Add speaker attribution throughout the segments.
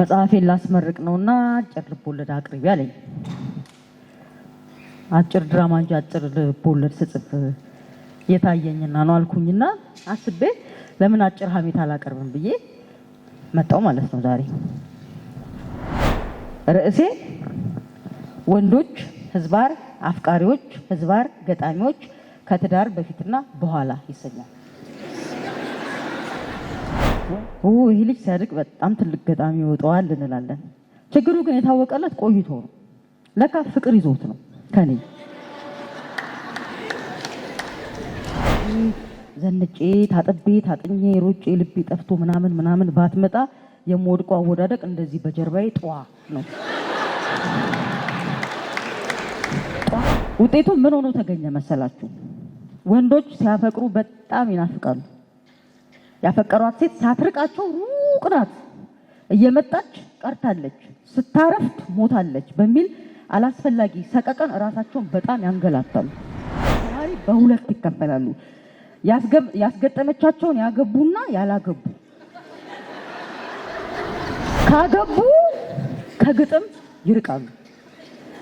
Speaker 1: መጽሐፌን ላስመርቅ ነውና አጭር ልቦለድ አቅርቢ አለኝ። አጭር ድራማ እንጂ አጭር ልቦለድ ስጽፍ የታየኝና ነው አልኩኝና አስቤ ለምን አጭር ሀሜት አላቀርብም ብዬ መጣው ማለት ነው ዛሬ። ርዕሴ ወንዶች ህዝባር አፍቃሪዎች፣ ህዝባር ገጣሚዎች ከትዳር በፊትና በኋላ ይሰኛል። ይሄ ልጅ ሲያድግ በጣም ትልቅ ገጣሚ ይወጣዋል እንላለን። ችግሩ ግን የታወቀለት ቆይቶ ነው። ለካ ፍቅር ይዞት ነው ከኔ ዘንጬ ታጥቤ ታጥኜ ሮጬ ልቤ ጠፍቶ ምናምን ምናምን ባትመጣ የምወድቆ አወዳደቅ እንደዚህ በጀርባዬ ጠዋ ነው። ውጤቱ ምን ሆኖ ተገኘ መሰላችሁ? ወንዶች ሲያፈቅሩ በጣም ይናፍቃሉ። ያፈቀሯት ሴት ሳትርቃቸው ሩቅ ናት እየመጣች ቀርታለች፣ ስታረፍት ሞታለች በሚል አላስፈላጊ ሰቀቀን እራሳቸውን በጣም ያንገላታሉ። በሁለት ይከፈላሉ። ያስገጠመቻቸውን ያገቡና ያላገቡ። ካገቡ ከግጥም ይርቃሉ፣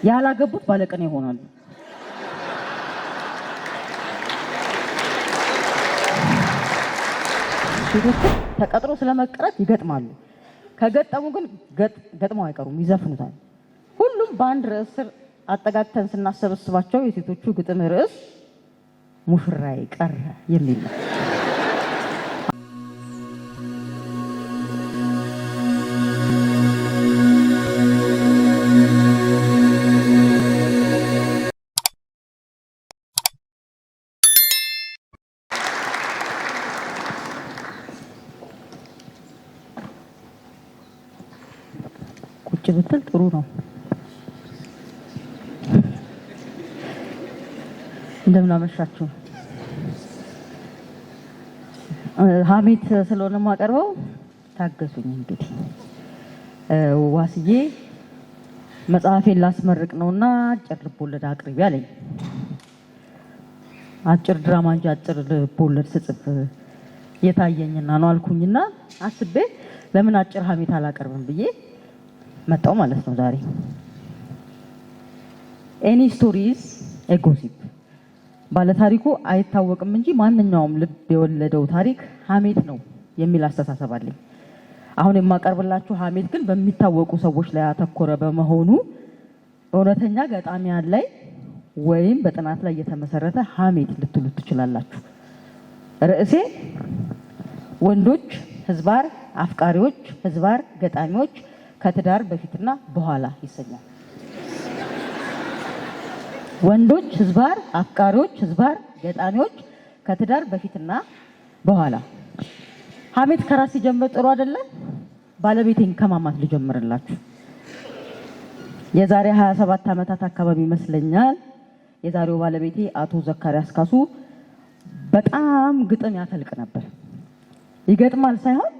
Speaker 1: ያላገቡት ባለቅኔ ይሆናሉ። ሴቶችን ተቀጥሮ ስለመቀረት ይገጥማሉ። ከገጠሙ ግን ገጥመው አይቀሩም፣ ይዘፍኑታል። ሁሉም በአንድ ርዕስ ስር አጠጋግተን ስናሰበስባቸው የሴቶቹ ግጥም ርዕስ ሙሽራዬ ቀረ የሚል ነው። ቁጭ ብትል ጥሩ ነው። እንደምን አመሻችሁ። ሀሜት ስለሆነ የማቀርበው ታገሱኝ። እንግዲህ ዋስዬ መጽሐፌን ላስመርቅ እና አጭር ልቦለድ አቅርቢ አለኝ። አጭር ድራማ እንጂ አጭር ልቦለድ ስጽፍ የታየኝና ነው አልኩኝና አስቤ ለምን አጭር ሀሜት አላቀርብም ብዬ መጣው ማለት ነው ዛሬ ኤኒ ስቶሪዝ ኤጎሲፕ ባለታሪኩ አይታወቅም እንጂ ማንኛውም ልብ የወለደው ታሪክ ሀሜት ነው የሚል አስተሳሰብ አለኝ። አሁን የማቀርብላችሁ ሀሜት ግን በሚታወቁ ሰዎች ላይ ያተኮረ በመሆኑ በእውነተኛ ገጣሚያን ላይ ወይም በጥናት ላይ የተመሰረተ ሀሜት ልትሉ ትችላላችሁ። ርዕሴ ወንዶች ህዝባር አፍቃሪዎች፣ ህዝባር ገጣሚዎች ከትዳር በፊትና በኋላ ይሰኛል። ወንዶች ህዝባር አፍቃሪዎች፣ ህዝባር ገጣሚዎች ከትዳር በፊትና በኋላ። ሀሜት ከራስ ሲጀምር ጥሩ አይደለም። ባለቤቴን ከማማት ልጀምርላችሁ። የዛሬ 27 ዓመታት አካባቢ ይመስለኛል የዛሬው ባለቤቴ አቶ ዘካሪያስ ካሱ በጣም ግጥም ያፈልቅ ነበር። ይገጥማል ሳይሆን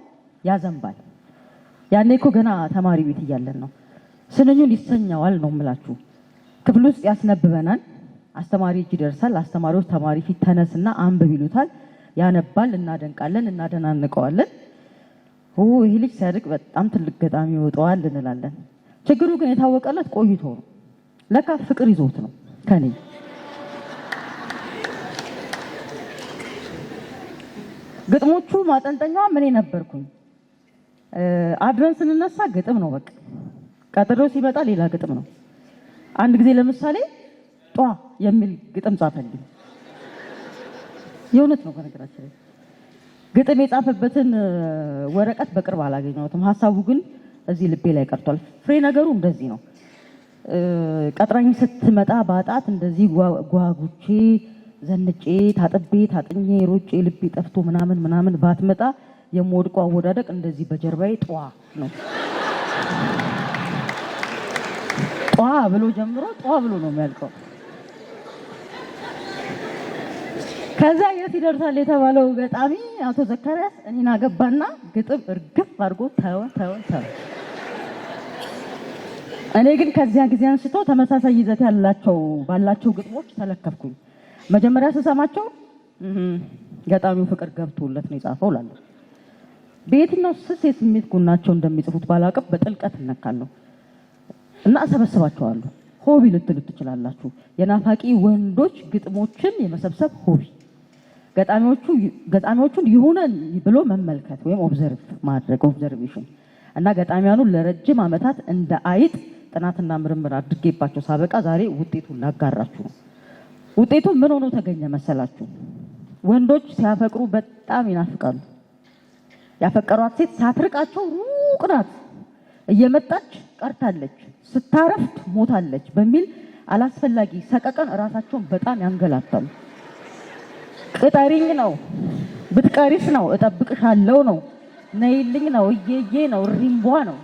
Speaker 1: ያዘንባል። ያኔ እኮ ገና ተማሪ ቤት እያለን ነው። ስንኙን ይሰኘዋል ነው ምላችሁ። ክፍል ውስጥ ያስነብበናል። አስተማሪ እጅ ይደርሳል። አስተማሪዎች ተማሪ ፊት ተነስና አንብብ ይሉታል። ያነባል። እናደንቃለን፣ እናደናንቀዋለን። ይህ ልጅ ሲያድግ በጣም ትልቅ ገጣሚ ይወጣዋል እንላለን። ችግሩ ግን የታወቀለት ቆይቶ ነው። ለካ ፍቅር ይዞት ነው ከኔ ግጥሞቹ ማጠንጠኛዋ እኔ ነበርኩኝ። አድረን ስንነሳ ግጥም ነው። በቃ ቀጥሮ ሲመጣ ሌላ ግጥም ነው። አንድ ጊዜ ለምሳሌ ጧ የሚል ግጥም ጻፈልኝ። የእውነት ነው። በነገራችን ላይ ግጥም የጻፈበትን ወረቀት በቅርብ አላገኘሁትም። ሀሳቡ ግን እዚህ ልቤ ላይ ቀርቷል። ፍሬ ነገሩ እንደዚህ ነው። ቀጥራኝ ስትመጣ ባጣት እንደዚህ ጓጉቼ ዘንጬ ታጥቤ ታጥኜ ሮጬ ልቤ ጠፍቶ ምናምን ምናምን ባትመጣ የምወድቀው አወዳደቅ እንደዚህ በጀርባዬ ጠዋ ነው። ጠዋ ብሎ ጀምሮ ጠዋ ብሎ ነው የሚያልቀው። ከዛ የት ይደርሳል የተባለው ገጣሚ አቶ ዘካሪያስ እኔን አገባና ግጥም እርግፍ አድርጎ ተወ ተወ ተወ። እኔ ግን ከዚያ ጊዜ አንስቶ ተመሳሳይ ይዘት ያላቸው ባላቸው ግጥሞች ተለከፍኩኝ። መጀመሪያ ስሰማቸው ገጣሚው ፍቅር ገብቶለት ነው የጻፈው እላለሁ። በየትኛው ስስ የስሜት ጎናቸው እንደሚጽፉት ባላቀብ በጥልቀት እነካለሁ እና እሰበስባቸዋለሁ። ሆቢ ልትሉት ትችላላችሁ። የናፋቂ ወንዶች ግጥሞችን የመሰብሰብ ሆቢ ገጣሚዎቹን የሆነ ብሎ መመልከት ወይም ኦብዘርቭ ማድረግ ኦብዘርቬሽን እና ገጣሚያኑን ለረጅም ዓመታት እንደ አይጥ ጥናትና ምርምር አድርጌባቸው ሳበቃ ዛሬ ውጤቱን ላጋራችሁ ነው። ውጤቱ ምን ሆኖ ተገኘ መሰላችሁ? ወንዶች ሲያፈቅሩ በጣም ይናፍቃሉ። ያፈቀሯት ሴት ሳትርቃቸው ሩቅ ናት እየመጣች ቀርታለች፣ ስታረፍት ሞታለች በሚል አላስፈላጊ ሰቀቀን እራሳቸውን በጣም ያንገላታሉ። ቅጠሪኝ ነው፣ ብትቀሪስ ነው፣ እጠብቅሻለሁ ነው፣ ነይልኝ ነው፣ እየዬ ነው፣ ሪምቧ ነው።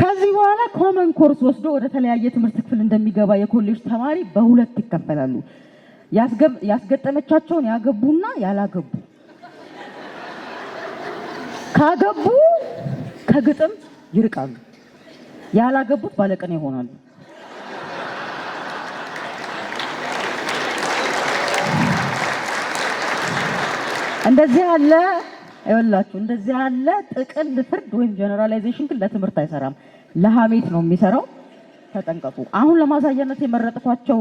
Speaker 1: ከዚህ በኋላ ኮመን ኮርስ ወስዶ ወደ ተለያየ ትምህርት ክፍል እንደሚገባ የኮሌጅ ተማሪ በሁለት ይከፈላሉ። ያስገጠመቻቸውን ያገቡና ያላገቡ ካገቡ ከግጥም ይርቃሉ፣ ያላገቡት ባለቅኔ ይሆናሉ። እንደዚህ ያለ ይኸውላችሁ እንደዚህ ያለ ጥቅል ፍርድ ወይም ጀነራላይዜሽን ግን ለትምህርት አይሰራም፣ ለሀሜት ነው የሚሰራው። ተጠንቀቁ። አሁን ለማሳያነት የመረጥኳቸው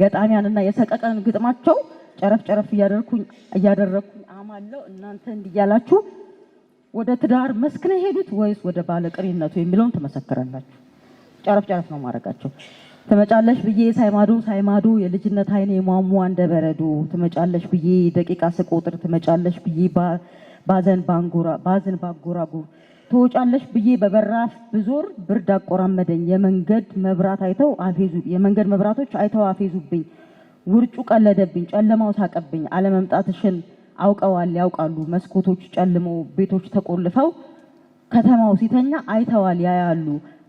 Speaker 1: ገጣሚያንና የሰቀቀን ግጥማቸው ጨረፍ ጨረፍ እያደረኩኝ እያደረኩኝ አማለው እናንተ እንዲያላችሁ ወደ ትዳር መስክ ነው የሄዱት ወይስ ወደ ባለ የሚለውን ትመሰክራላችሁ። ጨረፍ ጨረፍ ነው ማድረጋቸው። ትመጫለሽ ብዬ ሳይማዱ ሳይማዱ የልጅነት አይኔ የሟሟ እንደ በረዶ ትመጫለሽ ብዬ ደቂቃ ስቆጥር ትመጫለሽ ብዬ ባዘን ባንጎራ ባዘን ባንጎራጉር ትወጫለሽ ብዬ በበራፍ ብዞር ብርድ አቆራመደኝ። የመንገድ መብራት አይተው አፌዙ የመንገድ መብራቶች አይተው አፌዙብኝ። ውርጩ ቀለደብኝ፣ ጨለማው ሳቀብኝ። አለመምጣትሽን አውቀዋል ያውቃሉ። መስኮቶች ጨልመው ቤቶች ተቆልፈው ከተማው ሲተኛ አይተዋል ያያሉ።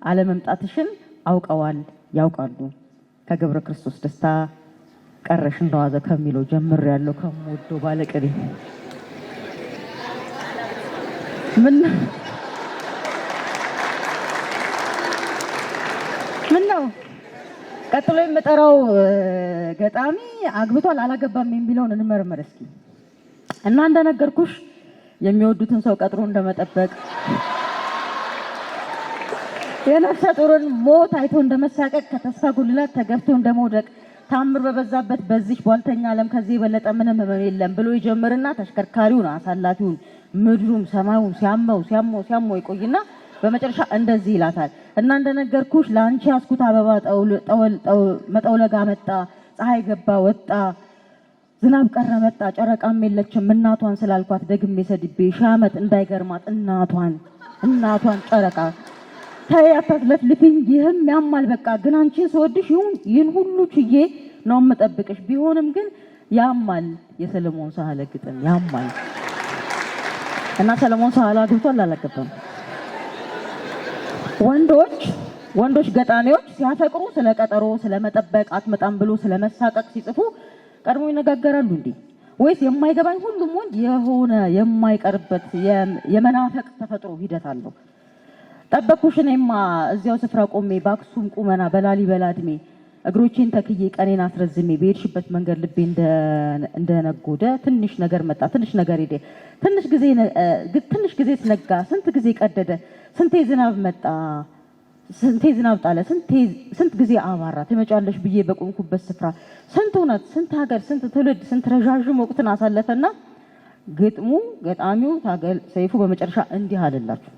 Speaker 1: አለመምጣትሽን አውቀዋል ያውቃሉ። ከገብረ ክርስቶስ ደስታ ቀረሽ እንደዋዘ ከሚለው ጀምር ያለው ከምወደው ባለቅኔ ምን ምን ነው ቀጥሎ የምጠራው ገጣሚ አግብቷል አላገባም የሚለውን እንመርመር እስኪ። እና እንደነገርኩሽ የሚወዱትን ሰው ቀጥሮ እንደመጠበቅ የነፍሰ ጡርን ሞት አይቶ እንደመሳቀቅ ከተስፋ ጉልላት ተገፍቶ እንደመውደቅ ታምር በበዛበት በዚህ ቧልተኛ ዓለም ከዚህ የበለጠ ምንም ህመም የለም ብሎ ይጀምርና ተሽከርካሪውን፣ አሳላፊውን፣ ምድሩም ሰማዩን ሲያመው ሲያመው ሲያመው ይቆይና በመጨረሻ እንደዚህ ይላታል እና እንደነገርኩሽ ለአንቺ ያስኩት አበባ መጠውለጋ መጣ፣ ፀሐይ ገባ ወጣ፣ ዝናብ ቀረ መጣ፣ ጨረቃም የለችም እናቷን ስላልኳት ደግሜ ሰድቤ ሺህ ዓመት እንዳይገርማት እናቷን እናቷን ጨረቃ ተይ አታስለፍልፊኝ፣ ይህም ያማል በቃ ግን አንቺን ስወድሽ ይህን ሁሉ ችዬ ነው የምጠብቅሽ። ቢሆንም ግን ያማል የሰለሞን ሳህለ ግጥም ያማል እና ሰለሞን ሳህለ አግብቷል አላገባም? ወንዶች ገጣሚዎች ሲያፈቅሩ ስለ ቀጠሮ፣ ስለ መጠበቅ፣ አትመጣም ብሎ ስለ መሳቀቅ ሲጽፉ ቀድሞ ይነጋገራሉ እንዴ? ወይስ የማይገባኝ ሁሉም ወንድ የሆነ የማይቀርበት የመናፈቅ ተፈጥሮ ሂደት አለው? ጠበኩሽ እኔማ እዚያው ስፍራ ቆሜ በአክሱም ቁመና በላሊበላ እድሜ እግሮቼን ተክዬ ቀኔን አስረዝሜ በሄድሽበት መንገድ ልቤ እንደነጎደ ትንሽ ነገር መጣ ትንሽ ነገር ሄደ ትንሽ ጊዜ ትንሽ ጊዜ ስነጋ ስንት ጊዜ ቀደደ ስንቴ ዝናብ መጣ ስንቴ ዝናብ ጣለ፣ ስንት ጊዜ አማራ፣ ትመጫለሽ ብዬ በቆምኩበት ስፍራ ስንት እውነት፣ ስንት ሀገር፣ ስንት ትውልድ፣ ስንት ረዣዥም ወቅትን አሳለፈና ግጥሙ ገጣሚው ታገል ሰይፉ በመጨረሻ እንዲህ አለላችሁ።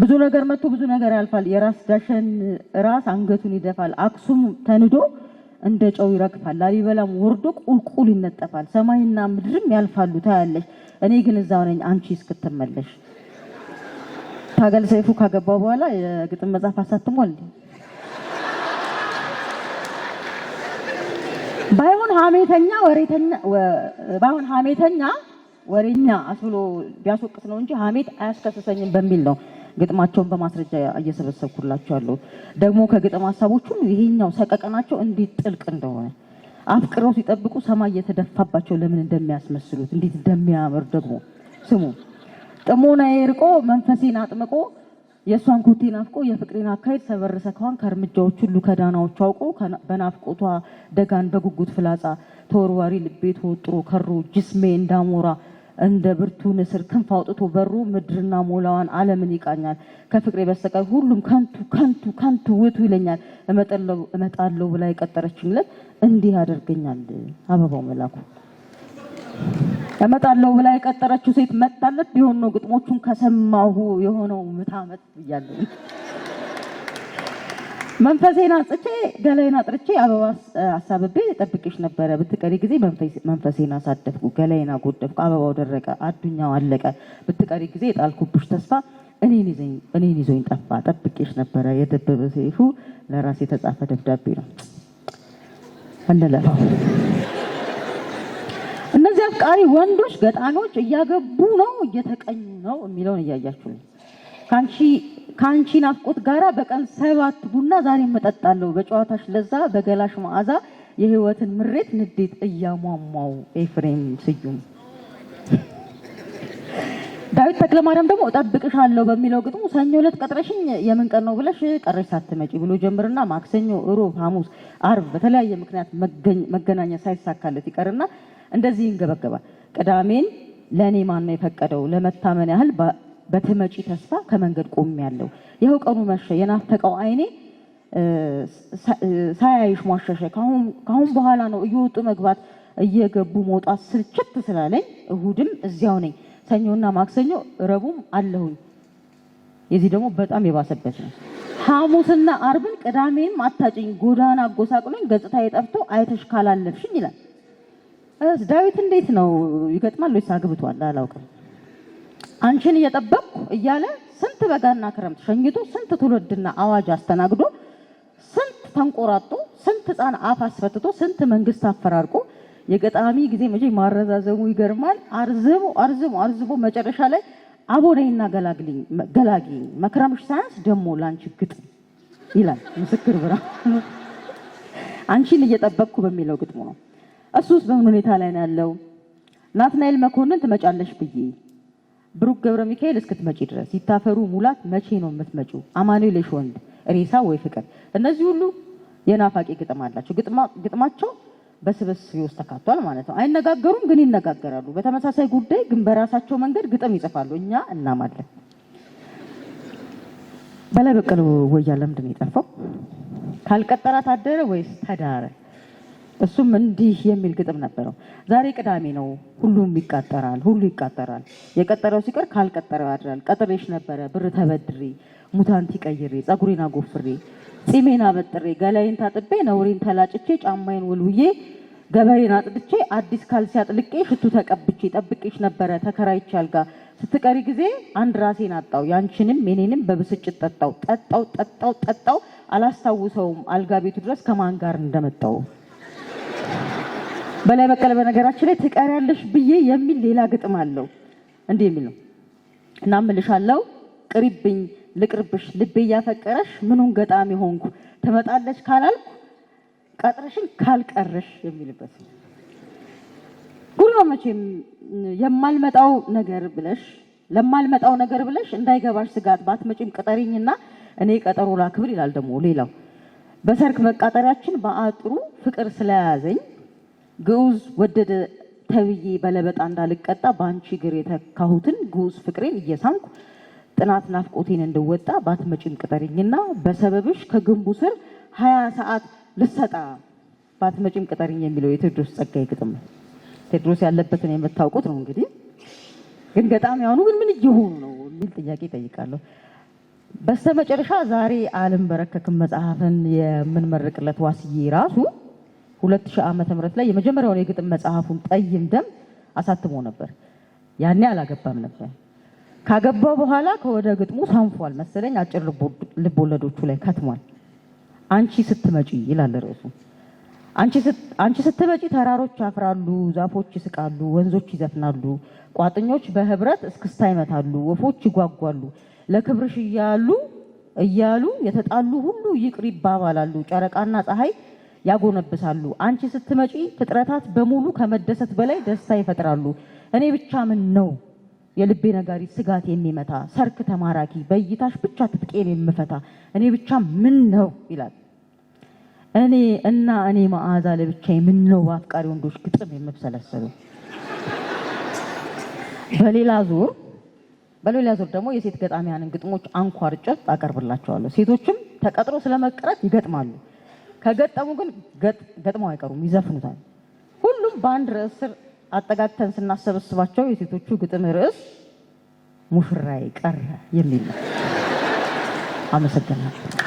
Speaker 1: ብዙ ነገር መጥቶ ብዙ ነገር ያልፋል። የራስ ዳሸን ራስ አንገቱን ይደፋል። አክሱም ተንዶ እንደ ጨው ይረግፋል። ላሊበላም ወርዶ ቁልቁል ይነጠፋል። ሰማይና ምድርም ያልፋሉ ታያለሽ። እኔ ግን እዛው ነኝ አንቺ እስክትመለሽ ታገል ሰይፉ ካገባው በኋላ የግጥም መጽሐፍ አሳትሟል። ባይሆን ሀሜተኛ ወሬተኛ ባይሆን ሀሜተኛ ወሬኛ አስብሎ ቢያስወቅስ ነው እንጂ ሀሜት አያስከሰሰኝም በሚል ነው ግጥማቸውን በማስረጃ እየሰበሰብኩላቸው ደግሞ ከግጥም ሀሳቦቹ ይሄኛው ሰቀቀናቸው እንዴት ጥልቅ እንደሆነ አፍቅረው ሲጠብቁ ሰማይ የተደፋባቸው ለምን እንደሚያስመስሉት እንዴት እንደሚያምር ደግሞ ስሙ። ጥሞናዬ ርቆ መንፈሴን አጥምቆ የእሷን ኮቴ ናፍቆ የፍቅሬን አካሄድ ሰበር ሰካዋን ከእርምጃዎች ሁሉ ከዳናዎቹ አውቆ በናፍቆቷ ደጋን በጉጉት ፍላጻ ተወርዋሪ ልቤ ተወጥሮ ከሮ ጅስሜ እንዳሞራ እንደ ብርቱ ንስር ክንፍ አውጥቶ በሩ ምድርና ሞላዋን ዓለምን ይቃኛል። ከፍቅሬ በስተቀር ሁሉም ከንቱ ከንቱ ከንቱ ውቱ ይለኛል። እመጣለሁ ብላ የቀጠረችኝ ዕለት እንዲህ ያደርገኛል። አበባው መላኩ እመጣለሁ ብላ የቀጠረችው ሴት መጣለት ቢሆን ነው ግጥሞቹን ከሰማሁ የሆነው ምታመት ብያለሁ። መንፈሴን አጽቼ ገላይን አጥርቼ አበባ አሳብቤ ጠብቄሽ ነበረ። ብትቀሪ ጊዜ መንፈሴን አሳደፍኩ፣ ገላይን አጎደፍኩ፣ አበባው ደረቀ፣ አዱኛው አለቀ። ብትቀሪ ጊዜ የጣልኩብሽ ተስፋ እኔን ይዞኝ ጠፋ። ጠብቄሽ ነበረ የደበበ ሰይፉ ለራሴ የተጻፈ ደብዳቤ ነው እንለፈው። አፍቃሪ ወንዶች ገጣኖች እያገቡ ነው እየተቀኙ ነው የሚለውን እያያችሁ ነው። ከአንቺ ናፍቆት ጋራ በቀን ሰባት ቡና ዛሬ መጠጣለሁ፣ በጨዋታሽ ለዛ በገላሽ መዓዛ የህይወትን ምሬት ንዴት እያሟሟው። ኤፍሬም ስዩም ዳዊት ተክለማርያም ደግሞ እጠብቅሻለሁ በሚለው ግጥሙ ሰኞ ዕለት ቀጥረሽኝ የምን ቀን ነው ብለሽ ቀረሽ ሳትመጪ ብሎ ጀምርና ማክሰኞ፣ እሮብ፣ ሐሙስ፣ አርብ በተለያየ ምክንያት መገናኘት ሳይሳካለት ይቀርና እንደዚህ ይንገበገባል። ቅዳሜን ለእኔ ነው የፈቀደው? ለመታመን ያህል በትመጪ ተስፋ ከመንገድ ቆም ያለው ይኸው ቀኑ መሸ የናፈቀው አይኔ ሳያይሽ ሟሸሸ። ካሁን በኋላ ነው እየወጡ መግባት እየገቡ መውጣት ስልችት ስላለኝ እሁድም እዚያው ነኝ። ሰኞና ማክሰኞ ረቡም አለሁኝ። የዚህ ደግሞ በጣም የባሰበት ነው። ሐሙስና አርብን ቅዳሜም አታጭኝ ጎዳና አጎሳቅሎኝ ገጽታ የጠፍቶ አይተሽ ካላለፍሽኝ ይላል። ዳዊት እንዴት ነው ይገጥማል ወይስ አግብቷል? አላውቅም። አንቺን እየጠበቅኩ እያለ ስንት በጋና ክረምት ሸኝቶ ስንት ትውልድና አዋጅ አስተናግዶ ስንት ተንቆራጦ ስንት ህፃን አፍ አስፈትቶ ስንት መንግስት አፈራርቆ የገጣሚ ጊዜ መቼ ማረዛዘሙ ይገርማል። አርዝሞ አርዝሞ አርዝሞ መጨረሻ ላይ አቦነይና ገላግልኝ ገላግኝ መክረምሽ ሳያንስ ደግሞ ላንቺ ግጥም ይላል ምስክር ብራ አንቺን እየጠበቅኩ በሚለው ግጥሙ ነው። እሱስ በምን ሁኔታ ላይ ነው ያለው? ናትናኤል መኮንን ትመጫለሽ ብዬ ብሩክ ገብረ ሚካኤል እስክትመጪ ድረስ ይታፈሩ ሙላት መቼ ነው የምትመጪው? አማኑኤል ወንድ ሬሳ ወይ ፍቅር እነዚህ ሁሉ የናፋቂ ግጥም አላቸው። ግጥማቸው በስብስቤ ውስጥ ተካቷል ማለት ነው። አይነጋገሩም፣ ግን ይነጋገራሉ። በተመሳሳይ ጉዳይ ግን በራሳቸው መንገድ ግጥም ይጽፋሉ። እኛ እናማለን። በላይ በቀለ ወያለ ምንድን ነው የጠፋው? ካልቀጠራት አደረ ወይስ ተዳረ? እሱም እንዲህ የሚል ግጥም ነበረው። ዛሬ ቅዳሜ ነው፣ ሁሉም ይቃጠራል፣ ሁሉ ይቃጠራል። የቀጠረው ሲቀር ካልቀጠረው ያድራል። ቀጥሬሽ ነበረ ብር ተበድሬ፣ ሙታንቲ ቀይሬ፣ ጸጉሬን አጎፍሬ፣ ጺሜን አበጥሬ፣ ገላይን ታጥቤ፣ ነውሬን ተላጭቼ፣ ጫማዬን ወልውዬ፣ ገበሬን አጥድቼ፣ አዲስ ካልሲ አጥልቄ፣ ሽቱ ተቀብቼ፣ ጠብቄሽ ነበረ ተከራይቼ አልጋ ስትቀሪ ጊዜ አንድ ራሴን አጣው፣ ያንቺንም የኔንም በብስጭት ጠጣው ጠጣው ጠጣው ጠጣው አላስታውሰውም አልጋ ቤቱ ድረስ ከማን ጋር እንደመጣው በላይ በቀለ በነገራችን ላይ ትቀሪያለሽ ብዬ የሚል ሌላ ግጥም አለው እንዲህ የሚል ነው እና እምልሻለሁ ቅሪብኝ ልቅርብሽ ልቤ እያፈቀረሽ ምኑን ገጣሚ ሆንኩ ትመጣለች ካላልኩ ቀጥረሽን ካልቀረሽ የሚልበት ጉድ ነው መቼም የማልመጣው ነገር ብለሽ ለማልመጣው ነገር ብለሽ እንዳይገባሽ ስጋት ባትመጪም ቅጠሪኝና እኔ ቀጠሮ ላክብር ይላል ደግሞ ሌላው በሰርክ መቃጠሪያችን በአጥሩ ፍቅር ስለያዘኝ ግዑዝ ወደደ ተብዬ በለበጣ እንዳልቀጣ በአንቺ እግር የተካሁትን ግዑዝ ፍቅሬን እየሳምኩ ጥናት ናፍቆቴን እንድወጣ ባትመጪም ቅጠርኝና በሰበብሽ ከግንቡ ስር ሀያ ሰዓት ልሰጣ ባትመጭም ቅጠርኝ የሚለው የትድሮስ ጸጋዬ ግጥም ቴድሮስ ያለበትን የምታውቁት ነው እንግዲህ። ግን ገጣሚያኑ ግን ምን እየሆኑ ነው የሚል ጥያቄ ይጠይቃለሁ። በስተመጨረሻ ዛሬ አልንበረከክም መጽሐፍን የምንመርቅለት ዋስዬ ራሱ 2000 ዓመተ ምህረት ላይ የመጀመሪያውን የግጥም መጽሐፉን ጠይም ደም አሳትሞ ነበር። ያኔ አላገባም ነበር። ካገባው በኋላ ከወደ ግጥሙ ሳንፏል መሰለኝ አጭር ልቦለዶቹ ላይ ከትሟል። አንቺ ስትመጪ ይላል ርዕሱ። አንቺ ስትመጪ ተራሮች ያፍራሉ፣ ዛፎች ይስቃሉ፣ ወንዞች ይዘፍናሉ፣ ቋጥኞች በህብረት እስክስታ ይመታሉ፣ ወፎች ይጓጓሉ፣ ለክብርሽ እያሉ እያሉ የተጣሉ ሁሉ ይቅር ይባባላሉ፣ ጨረቃና ፀሐይ ያጎነብሳሉ። አንቺ ስትመጪ ፍጥረታት በሙሉ ከመደሰት በላይ ደስታ ይፈጥራሉ። እኔ ብቻ ምን ነው የልቤ ነጋሪ ስጋት የሚመታ ሰርክ ተማራኪ በእይታሽ ብቻ ትጥቄን የምፈታ እኔ ብቻ ምን ነው ይላል። እኔ እና እኔ መዓዛ ለብቻዬ ምን ነው በአፍቃሪ ወንዶች ግጥም የምብሰለሰሉ። በሌላ ዙር በሌላ ዙር ደግሞ የሴት ገጣሚያንን ግጥሞች አንኳር ጨፍ አቀርብላቸዋለሁ። ሴቶችም ተቀጥሮ ስለመቅረት ይገጥማሉ። ከገጠሙ ግን ገጥመው አይቀሩም፣ ይዘፍኑታል። ሁሉም በአንድ ርዕስ ስር አጠጋግተን ስናሰበስባቸው የሴቶቹ ግጥም ርዕስ ሙሽራዬ ቀረ የሚል ነው። አመሰግናለሁ።